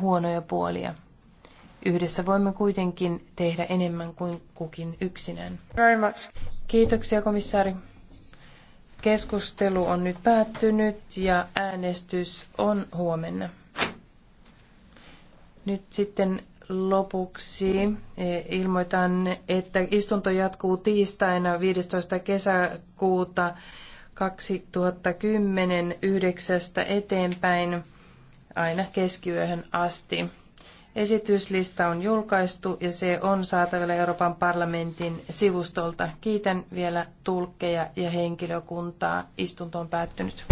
huonoja puolia. Yhdessä voimme kuitenkin tehdä enemmän kuin kukin yksinään. Very much. Kiitoksia komissaari. Keskustelu on nyt päättynyt ja äänestys on huomenna. Nyt sitten lopuksi eh, ilmoitan, että istunto jatkuu tiistaina 15. kesäkuuta 2010 yhdeksästä eteenpäin aina keskiyöhön asti. Esityslista on julkaistu ja se on saatavilla Euroopan parlamentin sivustolta. Kiitän vielä tulkkeja ja henkilökuntaa. Istunto on päättynyt.